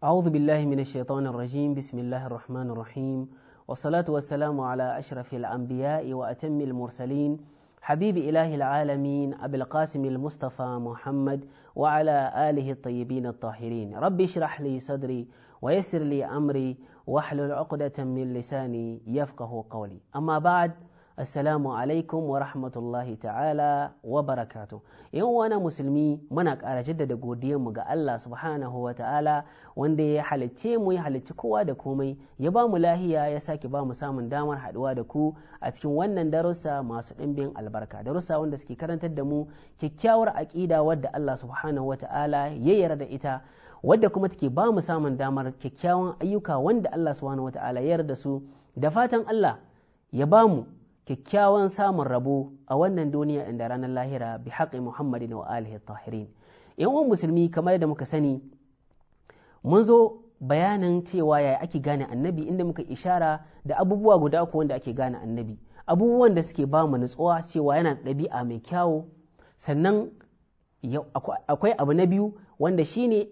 أعوذ بالله من الشيطان الرجيم بسم الله الرحمن الرحيم والصلاة والسلام على أشرف الأنبياء وأتم المرسلين حبيب إله العالمين أبي القاسم المصطفى محمد وعلى آله الطيبين الطاهرين ربي اشرح لي صدري ويسر لي أمري واحلل عقدة من لساني يفقه قولي أما بعد assalamu alaikum wa rahmatullahi ta'ala wa barakatu yan uwana musulmi muna ƙara jaddada mu ga Allah subhanahu wa ta'ala wanda ya halicce mu ya halicci kowa da komai ya ba mu lahiya ya sake ba mu samun damar haɗuwa da ku a cikin wannan darussa masu ɗimbin albarka darussa wanda suke karantar da mu kyakkyawar aƙida wadda Allah subhanahu wa ta'ala ya yarda da ita wadda kuma take ba mu samun damar kyakkyawan ayyuka wanda Allah subhanahu wa ta'ala ya yarda su da fatan Allah ya ba mu kyakkyawan samun rabo a wannan duniya inda ranar lahira bi haƙi muhammadin wa alihi tahirin yan uwan musulmi kamar da muka sani mun zo bayanin cewa yaya ake gane annabi inda muka ishara da abubuwa guda uku wanda ake gane annabi abubuwan da suke ba mu nutsuwa cewa yana da ɗabi'a mai kyawu sannan akwai abu na biyu wanda shine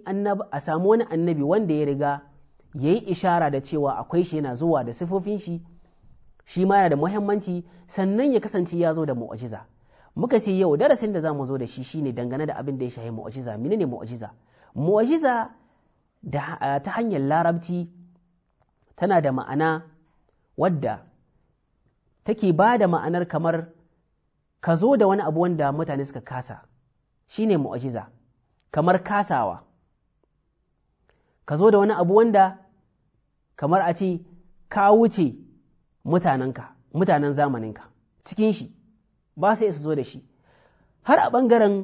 a samu wani annabi wanda ya riga ya yi ishara da cewa akwai shi yana zuwa da sifofin shi shi ma yana da muhimmanci sannan ya kasance ya zo da mu'ajiza muka ce yau darasin da za mu zo da shi shine dangane da abin da ya shahi mu'ajiza ne mu'ajiza mu'ajiza da eh, ta hanyar larabci tana da ma'ana wadda take ba da ma'anar kamar ka zo da wani abu wanda mutane suka kasa shine mu'ajiza kamar kasawa ka zo da wani abu wanda kamar a ce ka wuce mutanenka mutanen zamaninka cikin shi ba su su zo da shi har a ɓangaren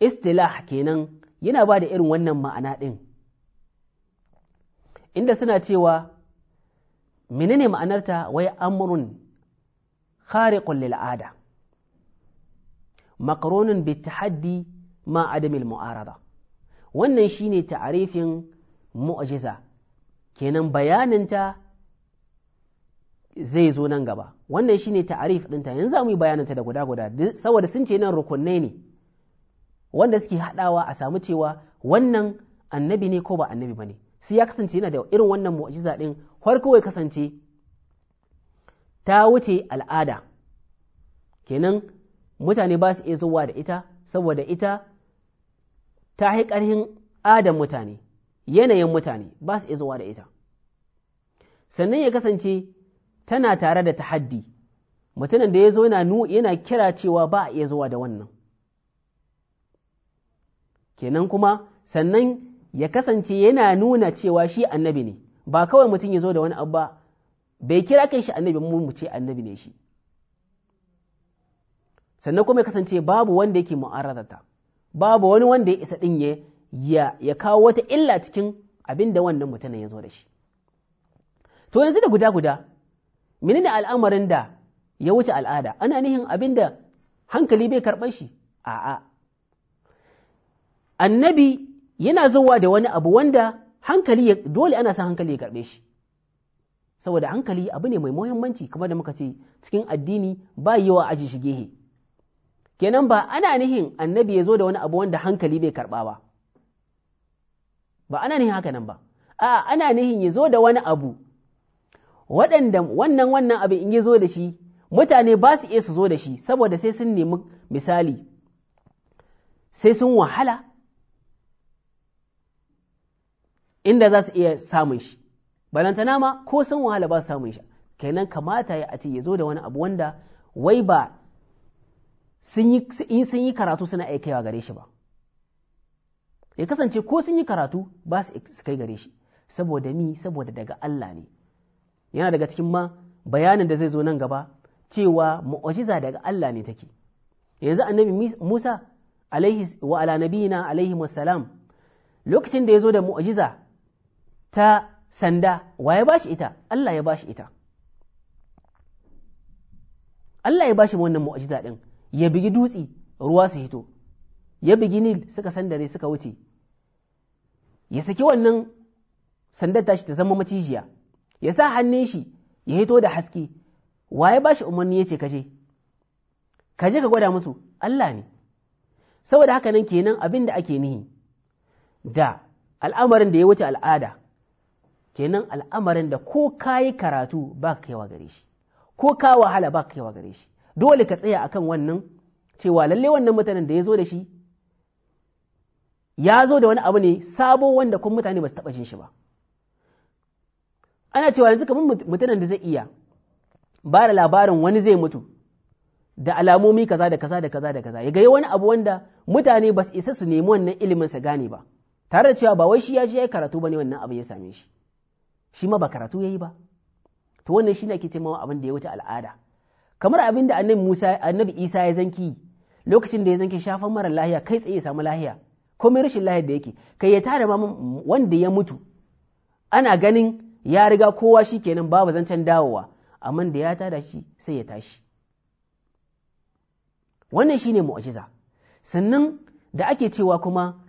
istilah kenan yana ba da irin wannan ma'ana ɗin inda suna cewa menene ma'anarta wai amrun khariqun lil ada maqrunun bi tahaddi ma adamil mu'arada wannan shine ta'arifin mu'jiza kenan ta. zai zo nan gaba wannan shine ta'arif ɗinta yanzu za mu yi bayananta da guda guda saboda sun ce nan rukunai ne wanda suke haɗawa a samu cewa wannan annabi ne ko ba annabi bane sai ya kasance yana da irin wannan mu'jiza ɗin har kawai kasance ta wuce al'ada kenan mutane ba su iya zuwa da ita saboda ita ta yi karhin adan mutane yanayin mutane ba su iya zuwa da ita sannan ya kasance tana tare da tahaddi mutumin da ya zo yana kira cewa ba a iya zuwa da wannan kenan kuma sannan ya kasance yana nuna cewa shi annabi ne ba kawai mutum ya zo da wani ba bai kira kai shi annabi mu ce annabi ne shi sannan kuma ya kasance babu wanda yake ta. babu wani wanda ya isa din ya ya kawo wata illa cikin abin da wannan mutumin ya zo da shi to yanzu da guda guda menene al'amarin da ya wuce al'ada ana nihin abin da hankali bai karɓar shi a'a annabi yana zuwa da wani abu wanda hankali dole ana san hankali ya karɓe shi saboda hankali abu ne mai muhimmanci kamar da muka ce cikin addini ba wa aji shige he kenan ba ana nihin annabi ya zo da wani abu wanda hankali bai karɓa ba ba ana nihin haka nan ba a ana nihin ya zo da wani abu waɗanda wannan wannan abin in ya zo da shi mutane ba su iya su zo da shi saboda sai sun nemi misali sai sun wahala inda za su iya samun shi balantana ma ko sun wahala ba su samun shi kenan kamata ya ce ya zo da wani abu wanda wai ba in sun yi karatu suna aikawa gare shi ba ya kasance ko sun yi karatu ba su kai gare shi saboda ni saboda daga Allah ne yana daga cikin ma bayanin da zai zo nan gaba cewa mu'ajiza daga Allah ne take yanzu annabi Musa alaihi wa ala nabiyina alaihi wassalam lokacin da ya zo da mu'ajiza ta sanda wa ya bashi ita Allah ya bashi ita Allah ya bashi wannan mu'ajiza din ya bigi dutsi ruwa su hito ya bigi nil suka sandare suka wuce ya saki wannan sandar tashi ta zama macijiya ya sa hannun shi ya hito da haske waye ba shi umarni ya ce kaje kaje ka gwada musu Allah ne saboda haka nan kenan abin da ake nihi da al'amarin da ya wuce al'ada kenan al'amarin da ko ka yi karatu ba ka kaiwa gare shi ko ka wahala ba ka kaiwa gare shi dole ka tsaya akan wannan cewa lalle wannan mutanen da ya zo da shi ya zo da wani abu ne sabo wanda kun mutane ba su taɓa jin shi ba ana cewa yanzu kamar mutanen da zai iya ba da labarin wani zai mutu da alamomi kaza da kaza da kaza da kaza ya ga wani abu wanda mutane ba su isa su nemi wannan ilimin su gane ba tare da cewa ba wai shi ya je ya karatu bane wannan abu ya same shi shi ma ba karatu yayi ba to wannan shine ake cewa abin da ya wuce al'ada kamar abin da annabi Musa annabi Isa ya zanki lokacin da ya zanki shafan mara lahiya kai tsaye ya samu lahiya komai rashin lahiya da yake kai ya tare ma wanda ya mutu ana ganin ya riga kowa shi kenan babu zancen dawowa amma da ya tada shi sai ya tashi wannan shine mu'jiza sannan da ake cewa kuma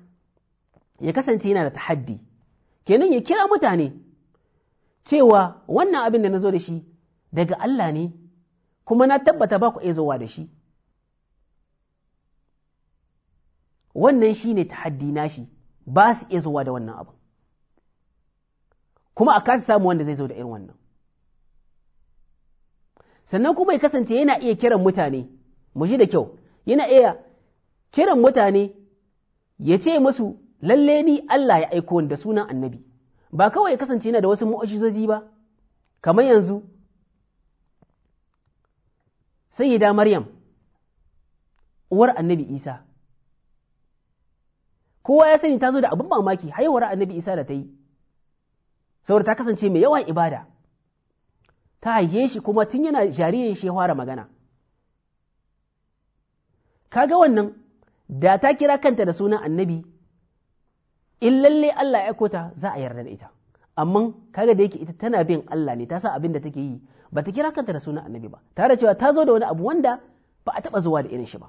ya kasance yana da tahaddi kenan ya kira mutane cewa wannan abin da na zo da shi daga Allah ne kuma na tabbata ba ku iya zowa da shi wannan shine tahaddi nashi ba su iya zuwa da wannan abu kuma a kasa samu wanda zai zo da irin wannan sannan kuma ya kasance yana iya kiran mutane mu ji da kyau yana iya kiran mutane ya ce musu lalle ni Allah ya aiko da sunan annabi ba kawai ya kasance yana da wasu mu'ajizoji ba kamar yanzu sayyida maryam uwar annabi isa kowa ya sani ta zo da abin mamaki haihuwar annabi isa da ta yi saboda ta kasance mai yawan ibada ta haihe shi kuma tun yana jaririn shi ya fara magana kaga wannan da ta kira kanta da sunan annabi in lalle Allah ya aikota za a yarda da ita amma kaga da yake ita tana bin Allah ne ta sa abin da take yi ba ta kira kanta da sunan annabi ba tare cewa ta zo da wani abu wanda ba a taba zuwa da irin shi ba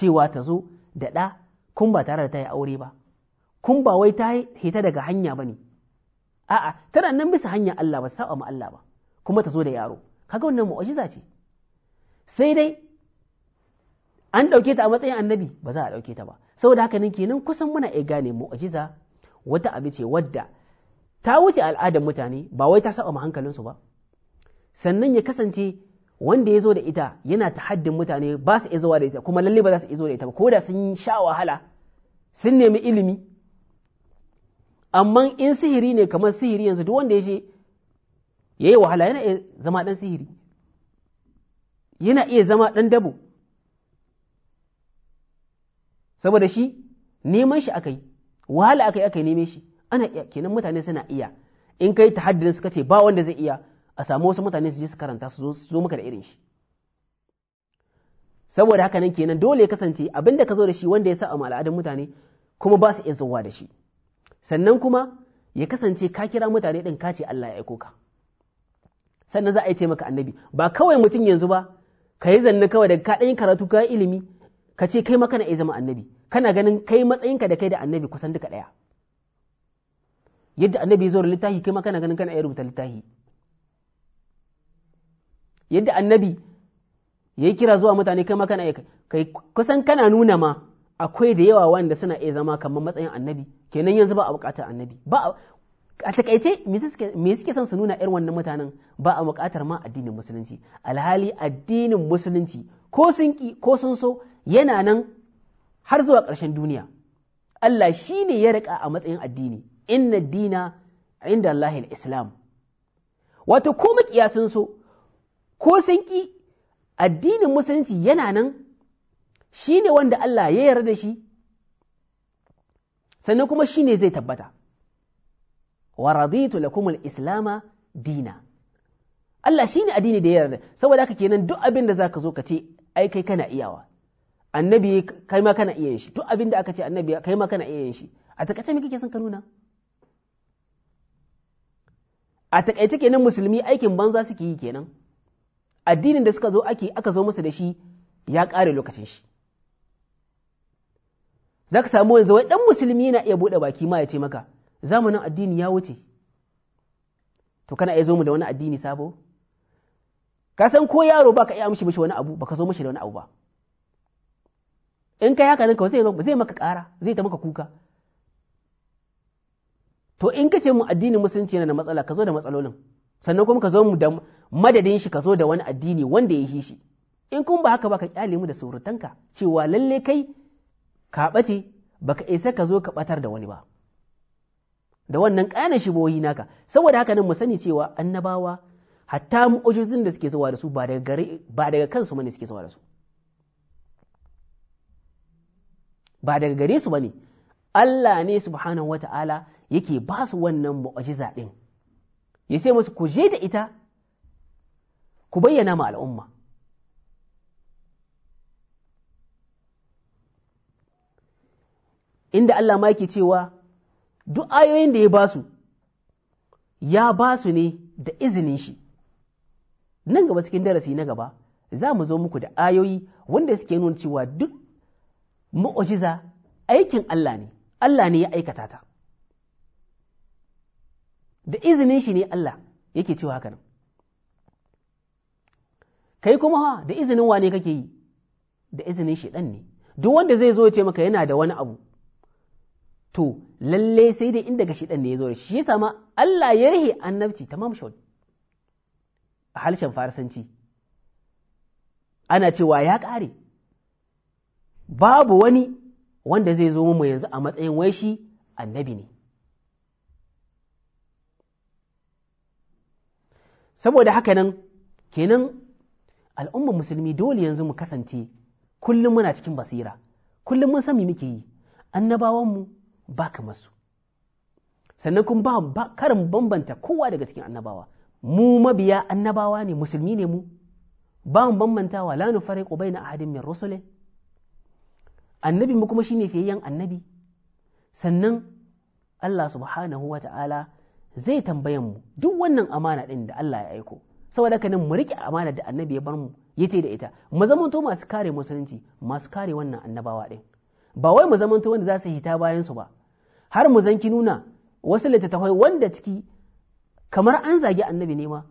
cewa ta zo da ɗa kun ba tare da ta yi aure ba kun ba wai ta hita daga hanya ba ne a'a tana nan bisa hanyar Allah ba saba ma Allah ba kuma ta zo da yaro kaga wannan mu'jiza ce sai dai an ɗauke ta a matsayin annabi ba za a ɗauke ta ba saboda haka nan kenan kusan muna iya gane mu'jiza wata abu ce wadda ta wuce al'adar mutane ba wai ta saba ma hankalinsu ba sannan ya kasance wanda ya zo da ita yana ta haddin mutane ba su iya zuwa da ita kuma lalle ba za su iya zuwa da ita ba ko da sun sha wahala sun nemi ilimi amma in sihiri ne kamar sihiri yanzu duk wanda ya je ya yi wahala yana iya zama ɗan sihiri yana iya zama ɗan dabo saboda shi neman shi aka yi wahala aka yi aka neme shi ana iya kenan mutane suna iya in kai ta tahaddin suka ce ba wanda zai iya a samu wasu mutane su je su karanta su zo maka da irin shi saboda haka nan kenan dole ya kasance abinda ka zo da shi wanda ya sa a al'adun mutane kuma ba su iya zuwa da shi sannan kuma ya kasance ka kira mutane ɗin ka ce Allah ya aiko ka sannan za a yi ce maka annabi ba kawai mutum yanzu ba ka yi zanne kawai daga ka ɗan karatu ka yi ilimi ka ce kai maka na iya zama annabi kana ganin kai matsayinka da kai da annabi kusan duka ɗaya yadda annabi ya zo da littafi kai maka na ganin kana iya rubuta littafi yadda annabi ya yi kira zuwa mutane kai maka na iya kai kusan kana nuna ma akwai da yawa wanda suna iya zama kamar matsayin annabi kenan yanzu ba a bukatar annabi ba a takaice me suke son su nuna irin wannan mutanen ba a bukatar ma addinin musulunci alhali addinin musulunci ko sun ki ko sun so yana nan har zuwa ƙarshen duniya Allah shi ne ya rika a matsayin addini inna dina inda Allah islam wato ko makiya sun so ko sun ki addinin musulunci yana nan shi ne wanda Allah ya yarda da shi sannan kuma shi ne zai tabbata wa raditu lakum al-islama dina Allah shi ne addini da ya yarda saboda haka kenan duk abin da zaka zo ka ce ai kai kana iyawa annabi kai ma kana iya shi duk abin da aka ce annabi kai ma kana iya shi a takaice me kake son ka nuna a takaice kenan musulmi aikin banza suke yi kenan addinin da suka zo ake aka zo musu da shi ya ƙare lokacin shi za ka samu yanzu wai ɗan musulmi na iya buɗe baki ma ya ce maka zamanin addini ya wuce to kana iya zo mu da wani addini sabo ka san ko yaro ba ka iya mishi mishi wani abu ba ka zo mishi da wani abu ba in kai haka nan kawai zai maka ƙara zai ta maka kuka to in ka ce mu addinin musulunci yana da matsala ka zo da matsalolin sannan kuma ka zo mu da madadin shi ka zo da wani addini wanda ya yi shi in kuma ba haka ba ka kyale mu da surutanka cewa lalle kai ka ɓace baka isa ka zo ka ɓatar da wani ba da wannan ƙananan shibohi naka saboda haka nan mu sani cewa annabawa hatta mu'ujizin da suke zuwa da su ba daga kansu bane suke zuwa da su ba daga gare su bane Allah ne subhanahu wata'ala yake ba su wannan mu'ujiza din ya sai musu ku je da ita ku bayyana ma al'umma inda Allah ma yake cewa duk ayoyin da ya ba su, ya ba su ne da izinin shi nan gaba cikin darasi na gaba za mu zo muku da ayoyi wanda suke nuna cewa duk mu'ujiza aikin Allah ne Allah ne ya aikata ta da izinin shi ne Allah yake cewa haka nan kai kuma ha da izinin wane kake yi da izinin shi ɗan ne duk wanda zai zo ya ce maka yana da wani abu to lalle sai dai inda ga ɗan ne ya zo da shi yasa sama Allah ya rihe annabci tamam shaul a harshen farsanci ana cewa ya ƙare babu wani wanda zai zo mu yanzu a matsayin wai shi annabi ne saboda haka nan kenan al'ummar musulmi dole yanzu mu kasance kullum muna cikin basira kullum mun san me muke yi Annabawan mu. ba ka masu sannan kuma ba karin bambanta kowa daga cikin annabawa mu mabiya annabawa ne musulmi ne mu ba mu bambantawa la nufariqu bayna ahadin min rusuli annabi mu kuma shine fiyayyen annabi sannan Allah subhanahu wa ta'ala zai tambayan mu duk wannan amana din da Allah ya aiko saboda haka mu rike amana da annabi ya bar mu yace da ita mu zamanto masu kare musulunci masu kare wannan annabawa din ba wai mu zamanto wanda za su hita bayansu ba har mu zanki nuna wasu littattafai wanda ciki kamar an zagi annabi ne ma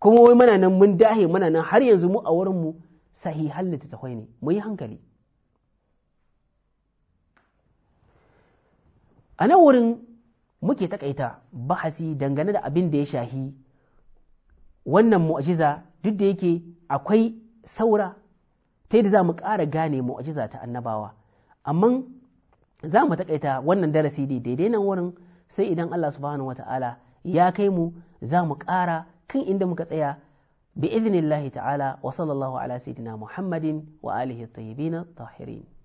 kuma wai mana nan mun dahe muna nan har yanzu mu a wurin mu sahihan littattafai ne mu yi hankali a nan wurin muke takaita bahasi dangane da abin da ya shahi wannan mu'ajiza duk da yake akwai saura ta yadda za mu ƙara gane mu'ajiza ta annabawa amma za mu taƙaita wannan darasi da daidai nan wurin sai idan Allah subhanahu wata'ala ya kai mu za mu ƙara kan inda muka tsaya bi ta'ala wa sallallahu ala sayyidina muhammadin wa alihi tayyibin tahirin